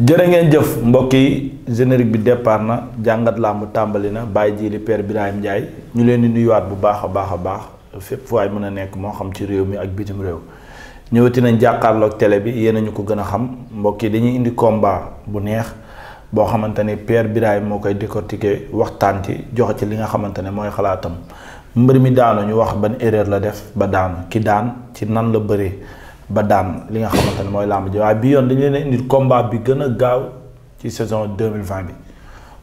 jëre ngeen jëf mbokk yi générique bi départ na jàngat làmb tàmbali na Baye Djily Père Birahim Ndiaye ñu leen di nuyuwaat bu baax a baax a baax fépp fu waay mën a nekk moo xam ci réew mi ak bitim réew ñëwati nañ jàkkaarloog télé bi yéen ñu ko gën a xam mbokk yi dañuy indi komba bu neex boo xamante ni Père Birahim moo koy décortiquer waxtaan ci joxe ci li nga xamante ne mooy xalaatam mbër mi daanu ñu wax ban erreur la def ba daanu ki daan ci nan la bëree. ba daan li nga xamante ne mooy làmb ji waaye bi yoon dañu leen a indil bi gën a gaaw ci saison deux mille vingt bi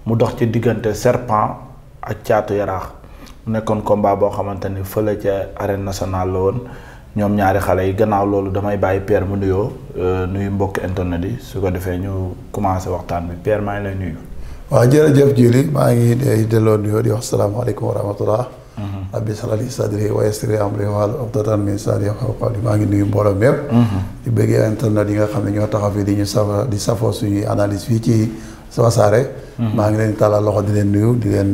mu dox ci diggante serpent ak caatu yaraax mu nekkoon combat boo xamante ni fële ca arène nationale la woon ñoom ñaari xale yi gannaaw loolu damay bàyyi per mu nuyoo euh, nuyu mbokk internet yi su ko defee ñu commencé waxtaan bi per maa ngi lay nuyu. waaw jërëjëf Djily maa ngi delloo nuyoo di wax salaamaaleykum wa rahmatullah rabbi shrah li sadri wa yassir li amri wahlul uqdatan min maa ngi nuyu mbooloo mépp mhm. di bëggee internet yi nga xam ne ñoo taxaw fii di ñu di safoo suñuy analyse fii ci Wassare mhm. maa ngi leen tàllal loxo di leen nuyu di leen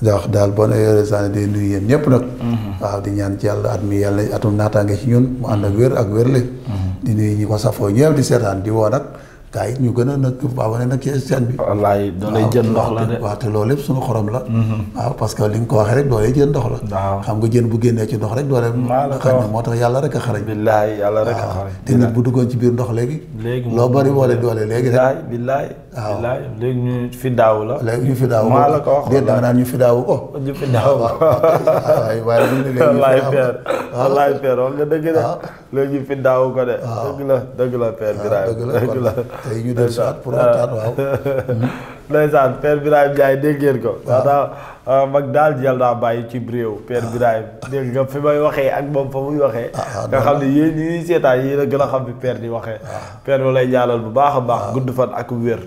wax daal bon heureusement di nuyu yéen ñëpp nag mhm. waaw di ñaan ci yàlla at mi yàlla atum naataange ci ñun mu ànd ak wér ak wérle di nuyu ñi ko safoo ñëpp di seetaan di woo nag gars yi ñu gën a nag waawane nag ci scène bi wallaay doolay jën ndox la de waaw te loolu lépp suñu xorom la mhm. waaw parce que li nga ko waxee rek doolay jën ndox la xam nga jën bu génnee ci ndox rek doole xañ moo tax yàlla rek a xarañ billaay yàlla rek a xarañ te nit bu duggoon ci biir ndox léegi léegi loo bari woole doole léegi rek billaay waaw léegi ñu fi daaw la. léegi ñu fi daaw maa la ko wax. da nga naan ñu fi daaw ko. ñu fi daaw ko waaye waaye ñu ngi léegi ñu fi daaw wallaay père wax nga dëgg de. léegi ñu fi daaw ko de. dëgg la dëgg la père Birahim dëgg la tey ñu del si waat pour waxtaan waaw. ndeysaan père Birahim Ndiaye dégg ngeen ko. waaw Euh, mag daal jël naa bàyyi ci réew Père ah. Birahim dégg nga fi may waxee ak moom fa muy waxee ah, ah, nga xam ne yéen ñi ñuy seetaan yéen a gën a xam bi per di waxee Père ba lay ñaanal bu baax a baax gudd fan ak wér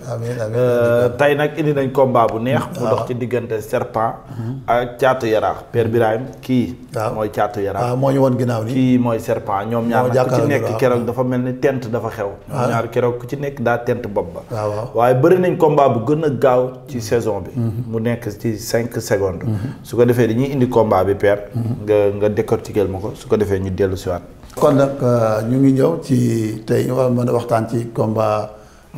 euh, tey nag indi nañ combat bu neex mu dox ci diggante serpent mhm. ak caatu yaraax Père Birahim kii mooy caatu yaraax moo woon ginnaaw nii kii mooy serpent ñoom ñaar nag ku ci nekk keroog dafa mel ni tent dafa xew ñoom ñaar keroog ku ci nekk daa tent bopp ba waaye bëri nañ combat a gaaw ci mm. bi mm-hmm. mu nekk ci secondes. su ko defee dañuy indi combat bi père. nga nga décortiquer ma ko su ko defee ñu dellu si waat. kon nag euh, ñu ngi ñëw ci tey ñu mën a waxtaan ci komba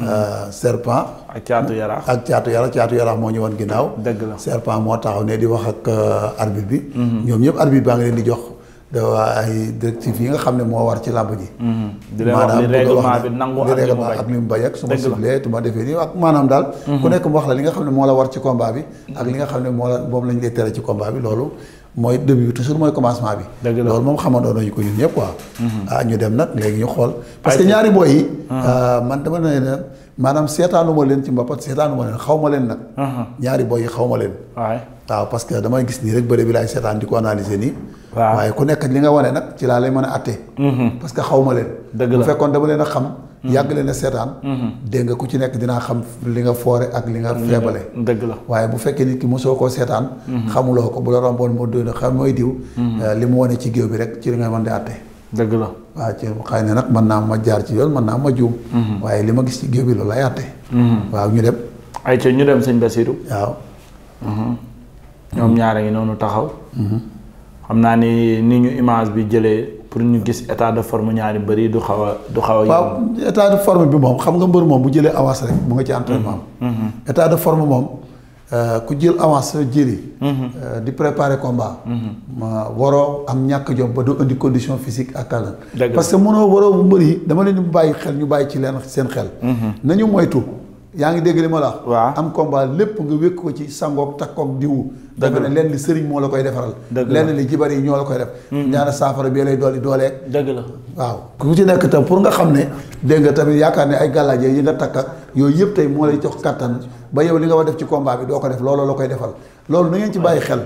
euh, serpent. ak caatu yaraax ak caatu yaraax caatu yaraax moo ñu woon ginnaaw. dëgg la serpent moo taxaw ne di wax ak euh, arbitre bi. Mhm. ñoom ñëpp arbitre baa ngi leen di jox. dafa ay directive yi nga xam ne moo war ci làmb ji. Mhm. di bi nangu ak li ak li mu bañ ak su ma siflee tu ma defee nii ak maanaam daal. Mhm. ku nekk mu wax la li nga xam ne mhm. ne moo la moom lañ lay tere ci combat bi loolu mooy début bi toujours mooy commencement bi. dëgg la loolu moom xamandoo nañu ko ñun ñëpp quoi. Ah, ñu dem nag léegi xool. parce ñaari boy yi. Ah, man dama ne maanaam seetaanuma leen ci mbapat seetaanuma leen xaw ma leen nag. ñaari boy yi xaw ma leen. waaw parce damay gis nii rek bëre bi laay seetaan di ko analyser nii. waaye ku nekk li nga wane nag ci laa lay mën a àtte. Mhm. parce que xaw ma leen. dëgg la bu fekkoon dama leen a xam. Mhm. yàgg leen a seetaan. Mhm. dégg nga ku ci nekk dinaa xam li nga foore ak li nga feebale. dëgg la waaye bu fekkee nit ki mosoo koo seetaan. xamuloo ko bu la romboon moo doon xam mooy diw. Euh, li mu wane ci géew bi rek ci li nga mën di àtte. dëgg la waaw ci xëy na nag mën naa ma jaar ci yoon mën naa ma juum. Mhm. waaye li ma gis ci géew bi loolu lay àtte. Mhm. waaw ñu dem. ay ca ñu dem sëñ Basirou. waaw. Mhm. ñoom ñaar ngi noonu taxaw. xam naa ni ni ñu image bi jëlee pour ñu gis état de forme ñaari bëri du xaw a du xaw a. waaw état de forme bi moom xam nga mbër moom bu jëlee avance rek mu nga ci entraînement am. état de forme moom. Euh, ku jël avance jëli. Mhm. Euh, di préparer combat. Mhm. ma waroo am ñàkk jom ba du indi condition physique ak alal. parce que mënoo waroo bu mbër yi dama leen di bàyyi xel ñu bàyyi ci leen seen xel. Mhm. nañu moytu. yaa ngi dégg li ma la wax. waaw am combat lépp nga wékk ko ci sangoog takkoog diwu. diw dagg na lenn li sëriñ moo la koy defaral. lenn li jibar yi ñoo la koy def. Mm-hmm. ñaara saafara bee lay dooli dooleeg. dëgg la waaw. ku ci nekk tam pour nga xam ne dégg nga tamit yaakaar ne ay gàllaaj yi nga takk yooyu yëpp tey moo lay jox kàttan ba yow li nga war def ci combat bi doo ko def looloo la koy defal loolu na ngeen ci bàyyi xel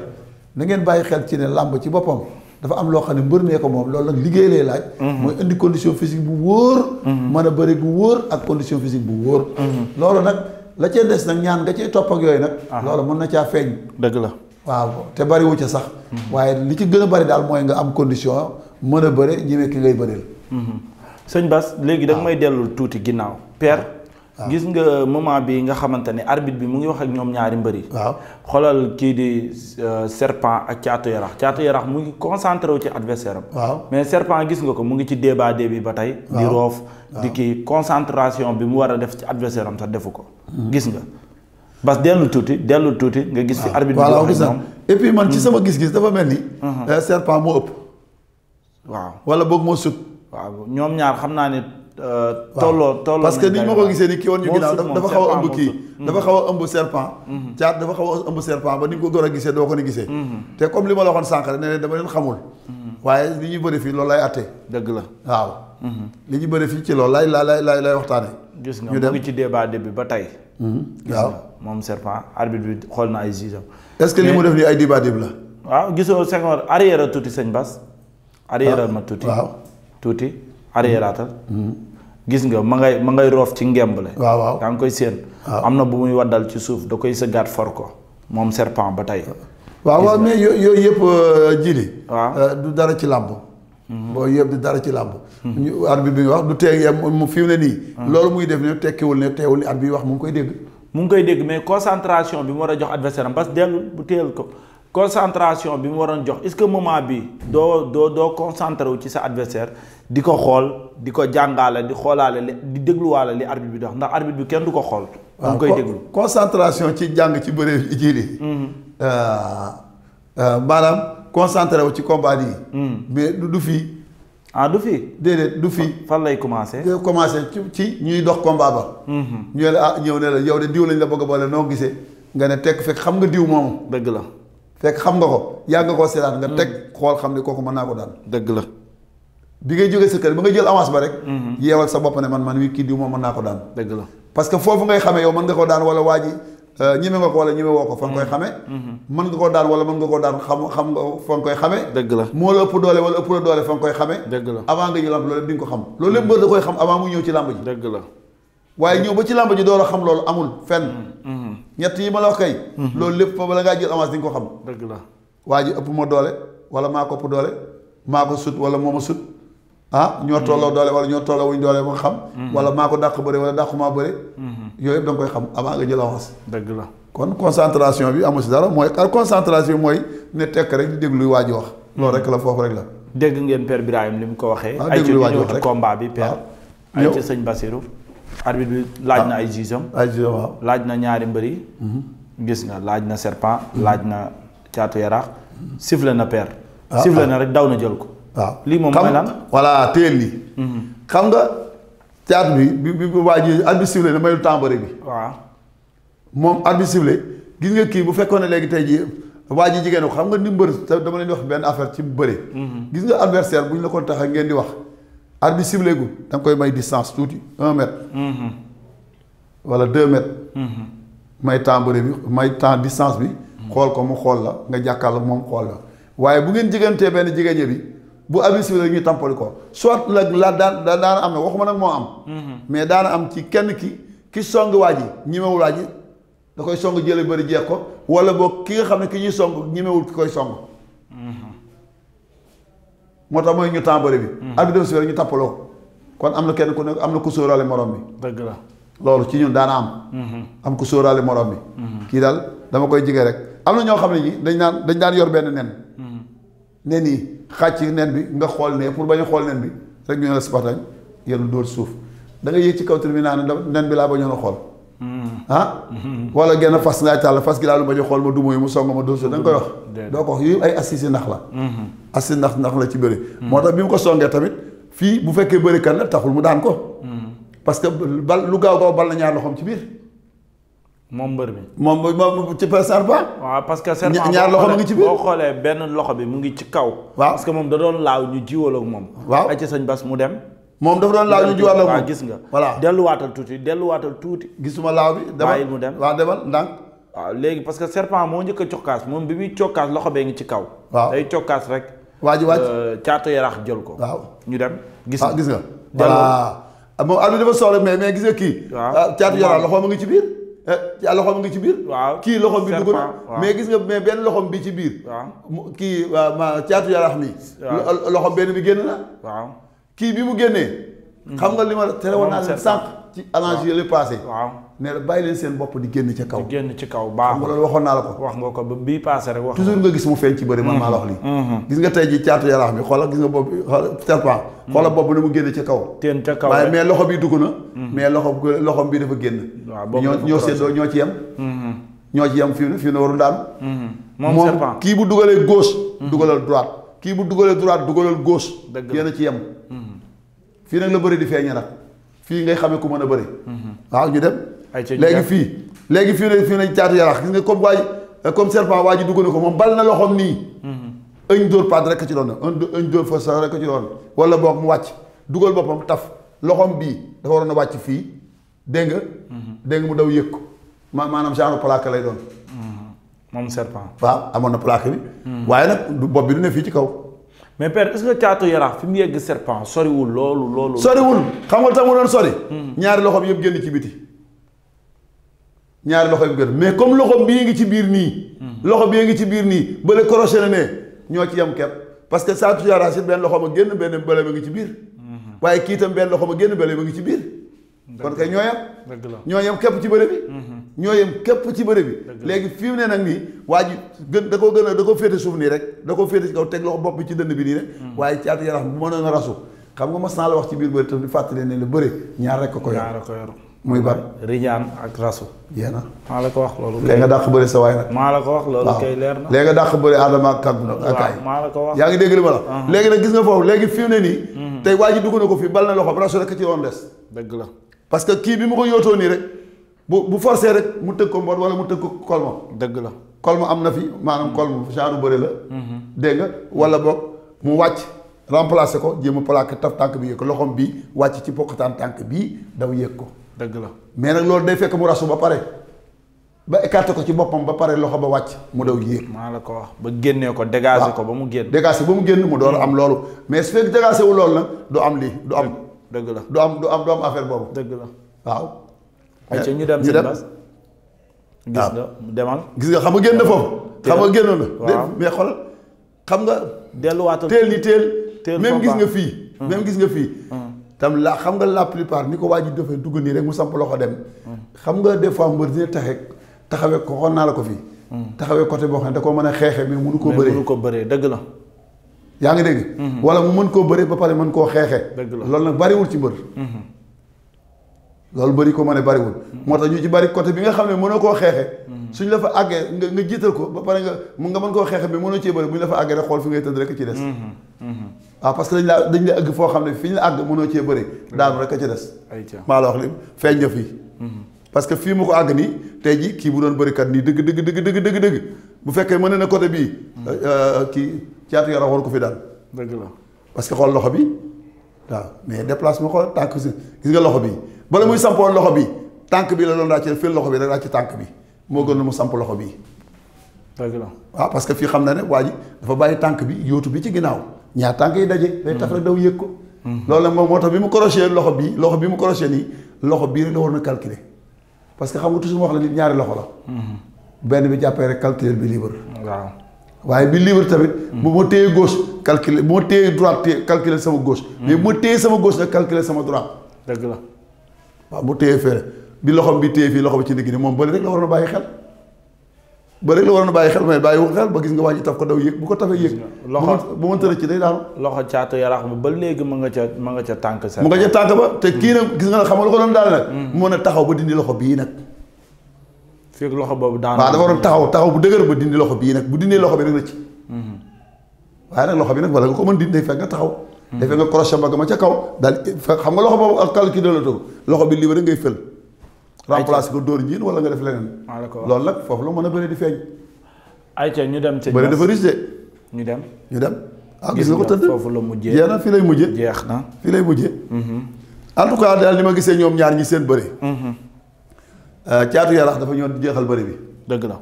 na ngeen bàyyi xel ci ne làmb ci boppam. dafa am loo xam ne mbër mee ko moom loolu nag liggéey lay laaj mhm. mooy indi condition physique bu wóor mhm. mën a bëri bu wóor ak condition physique bu wóor mhm. loolu nag la cee des nag ñaan nga cee topp yooyu nag ah. loolu mën na caa feeñ dëgg la waaw te bariwu ca sax waaye li ci gën a bari daal mooy nga am condition mën a bëri ñemee ki ngay bëreel sëñ Bass léegi da ah. may dellul tuuti ginnaaw père gis nga moment bi nga xamante ne arbitre bi mu ngi wax ak ñoom ñaari mbëri waaw xoolal kii di euh, serpent ak caatu yarax caatu yarax mu ngi concentré wu ci adversaire waaw mais serpent gis nga ko mu ngi ci débat bi ba tey di roof di kii concentration bi mu war a def ci adversaire am sax defu ko hmm. gis nga bas dellu tuuti dellu tuuti nga gis fi arbitre bi wax ak ñoom et man ci hmm. sama gis-gis dafa mel ni hmm. euh, serpent moo ëpp waaw wala boog moo sut waaw ñoom ñaar xam naa ne Euh, tolloo tolloo parce que ni ma ko gisee ni kii woon ñu mm-hmm. dafa xaw a ëmb kii mm-hmm. dafa xaw a xaw a ba ni nga ko gën a ko ni gisee mm-hmm. te li ma la waxoon sànq waaye li ñuy bëri fii loolu lay attee dëgg la waaw li ñu bëri fii ci loolu lay la lay lay lay waxtaane gis nga mu ngi ci débat bi ba tey waaw moom serpent arbitre bi xool na ay jugeam est-ce que li mu def ni ay débat la waaw gisoo Senghor arrière tuuti sëñ Bass arrière ah. ma tuuti tuuti arriéraatal mm-hmm. mm-hmm. gis nga ma ngay ma ngay roof ci ngembale waaw waaw yaa ngi koy séen am na bu muy dal ci suuf da koy sëggaat for ko moom serpent ba tey waaw waaw mais yooyu yëpp euh, jili waaw euh, du dara ci làmb mm-hmm. boo yëpp du dara ci làmb ñu ar bi bi wax du tee mu fi ne nii loolu muy def ne tekkiwul ne teewul ni ar bi wax mu ngi koy dégg mu ngi koy dégg mais concentration bi mu war a jox adversaire am parce que dellu bu téyel ko concentration bi mu waroon jox est-ce que moment bi doo doo doo concentré wu ci sa adversaire di ko xool di ko jàngaale di xoolaale li dégluwaale li arbitre bi dox ndax arbitre bi kenn du ko xool. waaw koy déglu concentration ci jàng ci bëre ji mm-hmm. euh, euh, maanaam concentré wu ci combat yi. Mm. mais du fii. ah du fi. déedéet du fi. fan lay commencé. commencé ci ñuy dox combat ba. Mm-hmm. ñu ne la ah ñëw ne la yow de diw lañ la bëgg a boole noo gisee. nga ne tekk fekk xam nga diw moomu. dëgg la. fekk xam nga ko yàgg nga koo seetaan nga mm. teg xool xam ne kooku mën naa ko daan dëgg la bi ngay jógee sa kër ba nga jël avance ba rek mm-hmm. yeewal sa bopp ne man man wi kii diw moom mën naa ko daan dëgg la parce que foofu ngay xamee yow mën nga ko daan wala waa ji euh, ñeme nga ko wala ñeme woo ko fa nga koy mm-hmm. xamee mm-hmm. nga koo daan wala mën koo daan xam xam nga fa nga koy xamee dëgg la moo la ëpp doole wala ëpp la doole fa nga koy xamee dëgg la avant nga ñu lamb loolu di nga ko xam loolu lépp mbër da koy xam avant mu ñëw ci làmb ji dëgg la waaye ñëw ba ci làmb ji xam loolu amul fenn mm. ñett yi ma la wax kay. Mhm. loolu lépp fa bala ngaa jël avance di nga ko xam. dëgg la waa ji ëpp ma doole wala maa ko ëpp doole maa ko sut wala moo ma sut ah ñoo mhm. tolloo doole wala ñoo tolloo wuñ doole ba nga xam. Mhm. wala maa ko dàq bëre wala dàqu maa bëre. yooyu yëpp da koy xam amaa nga jël avance. dëgg la kon concentration bi amu si dara mooy ak concentration bi mooy ne tekk rek di déglu waa ji wax. loolu rek la foofu rek la. dégg ngeen Père Birahim li mu ko waxee. ah déglu wax rek ay ci combat bi Père. ay ah, ci sëñ arbitre bi laaj na ah. ay jugeam ay jugeam laaj na ñaari mbër yi mhm. gis nga laaj na serpent laaj na caatu yaraax sifflé na peer ah, ah. sifflé na rek daw na jël ko waaw lii moom mooy lan voilà téel lii mhm. xam nga caatu bi bi bi waa ji arbitre sifflé na mayul tàmbare bi waaw moom arbitre sifflé gis nga kii bu fekkoon ne léegi tey jii waa ji jigéen xam nga ni mbër dama leen di wax benn affaire ci bëre mhm. gis nga adversaire bu ñu la ko tax ngeen di wax arbitre bi ciblé gu da nga koy may distance tuuti un mètre. Mhm. wala deux mètres. Mhm. may temps bëre bi may temps distance bi. xool ko mu xool la nga jàkkaarloo moom xool la waaye bu ngeen jigantee benn jigéen bi bu arbitre bi ciblé ñuy tampali ko soit nag la daan daana am na waxuma nag moo am. Mhm. mais daan am ci kenn ki ki song waa ji ñemewul waa ji da koy song jële bëri jeex ko wala boog ki nga xam ne ki ñuy song ñemewul ki koy song. moo tax mooy ñu temps bëri bi. Hmm. arbitre bi sifflé ñu tappaloo kon am na kenn ku ne am na ku sóoraale moroom bi. dëgg la loolu ci ñun daana am. Hmm. am ku sóoraale morom bi. Hmm. kii daal dama koy jige rek am na ñoo xam ne ñi dañ naan dañ daan yor benn nen. nen yi xàcc nen bi nga xool ne pour bañ xool nen bi rek ñu ne la spartañ yéen dóor suuf da nga yéeg ci kaw tribunal ne nen bi laa ba ñoo a xool. ah wala genn fas ngay tàll fas gi daal ma jox xool ma duma yi mu song ma dóor da koy wax doo ko wax yooyu ay assise ndax la mhm. assise ndax ndax la ci bëri mhm. moo tax bi mu ko songee tamit fii bu fekkee bëri kan la taxul mu daan ko mhm. parce que bal lu gaaw gaaw bal na ñaar loxoom ci biir moom mbër mi moom moom ci serpent waaw parce que serpent ñaar loxo mu ngi ci xoolee benn loxo bi mu ngi ci kaw waaw parce que moom da doon laaw ñu jiwaloog moom waaw ay ci sëñ Bas mu dem moom dafa doon laaw ñu jiwaat la ko gis nga voilà delluwaatal tuuti delluwaatal tuuti gisuma laaw bi demal mu dem waaw demal ndànk waaw léegi parce que serpent moo njëkk a cokkaas moom bi muy cokkaas loxo bee ngi ci kaw waaw ay cokkaas rek waa ji wàcc euh, caatu yaraax jël ko waaw ñu dem gis ah, nga gis nga voilà moom dafa soxla mais mais gis nga kii waaw ah, caatu yaraax loxo ma ngi ci biir eh, ah loxoom ngi ci biir. waaw kii loxo bi dugg na mais gis nga mais benn loxoom bi ci biir. waaw kii caatu yaraax mi. waaw loxoom benn kii bi mu génnee. Mm-hmm. xam nga li ma tere woon naa leen sànq. ci allange yële passé. waaw mais bàyyi leen seen bopp di génn ci kaw. di ci kaw baax xam waxoon naa la ko. wax nga ko ba bii passé rek wax toujours gis mu feeñ ci bëri man maa la wax mm-hmm. lii. Mm-hmm. gis nga tey ji caatu yaraax bi xoolal gis nga bopp bi xoolal serpent. bopp ni génn ci kaw. teen ca waaye mais loxo bi dugg na. mais loxo bii bi dafa génn. waaw boobu ñoo ñoo seddoo ñoo ci yem. ñoo ci fii na fii na warul daanu. moom serpent kii bu dugalee gauche. dugalal droite kii bu dugalee droite dugalal gauche. dëgg la yéen a ci yem fii nag la bëri di feeñe nag fii ngay xamee ku mën a bëri. Mhm. waaw ñu dem. léegi fii léegi fii lañ fii lañ caatu yaraax gis nga comme waay comme serpent waaj ji dugg ko moom bal na loxoom nii. Mhm. ëñ dóor paat ci doon na ëñ dóor fa sax rek ci wala boog mu wàcc dugal boppam taf loxoom bii dafa waroon a wàcc fii dégg nga. Mhm. dégg nga mu daw yëg ko ma maanaam genre plaque lay doon. moom serpent. waaw amoon na plaque bi. waaye nag bopp bi du ne fii ci kaw. mais per est-ce caatu yaraax fi mu yegg serpent soriwul loolu loolu. soriwul xam nga tax mu doon sori. ñaari loxoom yëpp génn ci biti. ñaari loxo yëpp génn mais comme loxo bii ngi ci biir nii. loxo bii ngi ci biir nii bële crochet na ne ñoo ci yem kepp parce que caatu yaraax it benn loxo ma génn benn bële ma ngi ci biir. Mhm. waaye kii itam benn loxo ma génn bële ma ngi ci biir. kon kay ñoo yem ñoo yem képp ci bëre bi mhm. ñoo yem képp ci bëre bi léegi fii mu ne nag nii waa ji gën da koo gën a da koo féete suuf nii rek da koo féete ci kaw teg loxo bopp bi ci dënd bi nii rek mhm. waaye caatu yarax bu mënoon a nga mas naa la wax ci biir bëri tam di fàttali ne la bëre ñaar rek ko ko yor muy ban rijaan ak rasu yéen a maa la ko wax loolu léegi nga dàq bëre sa waay nag maa la ko wax loolu kay leer na léegi nga dàq bëre aadama ak kàggu nag ak ay yaa ngi dégg li ma la uh-huh. léegi nag gis nga foofu léegi fii mu ne nii mhm. tey waa ji dugg na ko fii bal na loxo rasu rek ci doon des la parce que kii bi mu ko yootoo nii rek bu bu forcé rek mu tëgg ko mboot wala mu tëgg ko kolma dëgg la kolma am na fi maanaam kolma genre bëre la mm-hmm. dégg nga wala boog mu wàcc remplacé ko jéem a plaqué tànk bi yëg ko loxoom bii wàcc ci pokkataan tànk bii daw yëg ko dëgg la mais nag loolu day fekk mu rasu ba pare ba écarté ko ci boppam ba pare loxo ba wàcc mu daw yéeg. maa la ko wax ba génnee ko dégagé ah. ko ba mu génn. dégagé ba mu génn mu door am loolu mais su fekk dégagé wu loolu nag du am lii du am. dëgg la du am du am du am affaire boobu. dëgg la waaw. ayca ñu eh, dem si bas gis ah. nga demal. gis nga xam nga génn foofu. xam nga génnoon na. mais xool xam nga. delluwaatal teel ni teel. teel hmm. même gis nga fii. même gis nga fii. tam la xam nga la plupart ni ko waa ji dafay dugg nii rek mu samp loxo dem. Hmm. xam nga des fois mbër dina taxe taxawee ko xool naa la ko fii. Hmm. taxawee côté boo xam ne da koo mën a xeexee mais mënu ko bëree mënu ko bëree dëgg la. yaa ngi dégg. Mhm. wala mu mën koo bëre ba pare mën koo xeexee. loolu nag bariwul ci mbër. Mhm. loolu bëri ko ma ne bariwul. Mhm. moo tax ñu ci bari côté bi nga xam ne mënoo koo xeexe suñ la fa àggee nga ba pare nga mun koo xeexe bi mënoo cee bëri bu ñu la fa àggee xool fi ngay tëdd rek ci des. waaw ah, parce dañ laa dañ la àgg foo xam ne fii ñu la àgg mënoo cee bëri daanu rek a ci des. maa la wax feeñ nga fii. parce que fii mu ko àgg nii tey jii kii bu doon bërikat nii dëgg dëgg dëgg dëgg dëgg bu fekkee mën na ne côté bii. Euh, euh, kii caatu Yarax war ko fi daal. dëgg parce que xool loxo bi waaw mais déplacement xool tànk si gis nga loxo bi bala muy sampoon loxo bi tànk bi la doon ràcce fil loxo bi rek ràcce tànk bi moo gën mu samp loxo bi. la waaw que fii xam na ne waa dafa bàyyi tànk bi yóotu bi ci ginnaaw ñaar tànk yi daje. day tax rek daw yëg ko. Mhm. loolu moom moo tax bi mu croché loxo bi loxo bi mu croché nii loxo bii rek la war na calculer parce que xam nga toujours wax la nit ñaari loxo la. Mhm. benn bi jàppee rek calculer bi libre. waaw waaye bi libre tamit. bu ma téye gauche calculer bu ma téye droite téye sama gauche. mais bu ma téye sama gauche nag calculer sama droite. dëgg la. waaw mu téye fere bi loxom bi téye fii loxo bi ci digg ni moom bëri rek la waroon a bàyyi xel. ba rek la waroon a bàyyi xel mais bàyyi xel ba gis nga waa ji taf ko daw yëg bu ko tafee yëg. loxo bu ma tërë ci day daanu. loxo caatu yaraax ba ba léegi ma nga ca ma nga ca tànk. sa mu nga ca tànk ba te hmm. kii nag gis nga xam nga lu ko doon daal nag. mu hmm. a taxaw ba dindi loxo bii nag. fekk loxo boobu daan waaw dafa waroon taxaw taxaw bu dëgër ba dindi loxo bii nag bu dindee loxo bi rek rëcc mhm. waaye nag loxo bi nag wala nga ko mën dindi fekk nga taxaw mhm. defee nga crochet mbagg kaw daal xam nga la ko dóor ñiin wala nga def leneen loolu nag foofu la mën a bëri di feeñ ayca ñu dem ci bëri dafa riche de ñu dem ñu dem ah gis nga ko tëdd foofu la mujjee jeex na fii lay mujjee jeex na fii lay mujjee mhm. en ma gisee ñoom ñaar ñi seen bëri Euh, caatu yàlla dafa ñoo jeexal bëri bi. dëgg la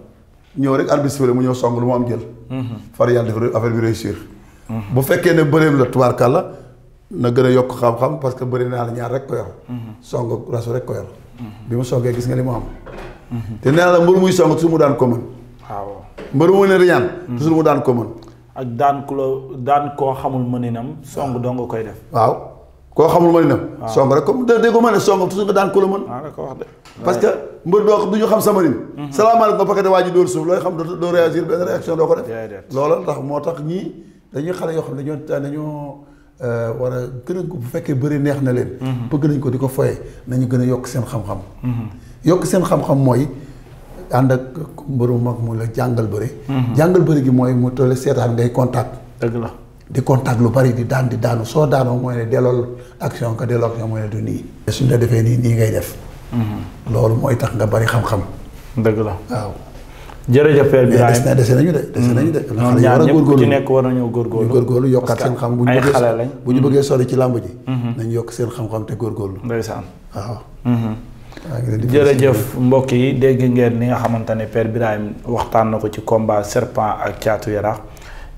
ñëw rek arbitre mu ñëw song lu mu am jël. Mhm. far yàlla def affaire bi réussir. Mhm. bu fekkee ne bëreem la tubaarkàlla na gën a yokk xam-xam parce que bëri naa la ñaar rek ko yor. Mhm. song rasu rek ko yor. bi mu songee gis nga li mu am. te nee la mbër muy song su mu daan ko mën. waaw mbër mu ne riñaan. su mu daan ko mën. ak daan ku la daan koo xamul mëninam song dong koy def. waaw. koo xamul ma ne na ah. song rek comme dé ko ma ne song toujours nga daan ko la mën ah, parce que mbër doo xam sama nin mhm. salaamaaleykum ba paquet waa ji dóor suuf looy xam doo réagir benn réaction doo ko def loola ndax moo tax ñii dañuy xale yoo xam ne dañoo dañoo euh, a gën a bu fekkee bëri neex na leen mhm. bëgg nañ ko di ko foye nañu gën a yokk seen xam-xam mhm. yokk seen xam-xam mooy ànd ak mbëru mag mu la jàngal bëri jàngal bëri gi mooy mu toll seetaan ngay contact dëgg la di contact lu bari di daan di daanu soo daanoo mooy ne delloo action que delloo action mooy ne du nii. suñ la defee nii nii ngay def. Mhm. loolu mooy tax nga bari xam-xam. dëgg la waaw. jërëjëf Père Birahim des na dese nañu de dese nekk war nañoo góorgóorlu di góorgóorlu yokkaat seen xam. ay xale lañ ñu mhm. bëggee sori ci làmb ji. Mhm. nañ yokk seen xam-xam te góorgóorlu. ndeysaan waaw. jërëjëf mbokk yi dégg ngeen ni nga xamante ne Père Birahim waxtaan na ko ci combat serpent ak caatu yarax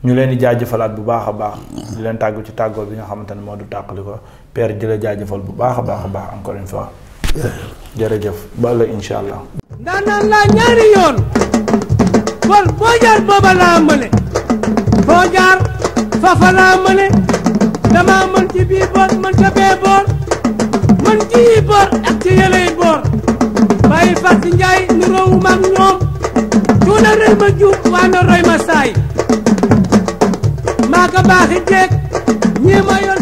ñu leen di jëfalaat bu baax a baax di leen tàggu ci tàggoo bi nga xamante ne moo du tàqali ko père di la jaajëfal bu baax a baax a baax encore une fois jërëjëf ba la incha allah naan laa ñaari yoon bol boo jaar booba laa mëne foo jaar fafa laa mëne dama mën ci bii boor mën ca bee boor mën ci yi boor ak ci yëley boor bàyyi fas njaay nu ñoom tuuna rëy ma juub waa na roy ma saay baaxi jeeg ñi ma yor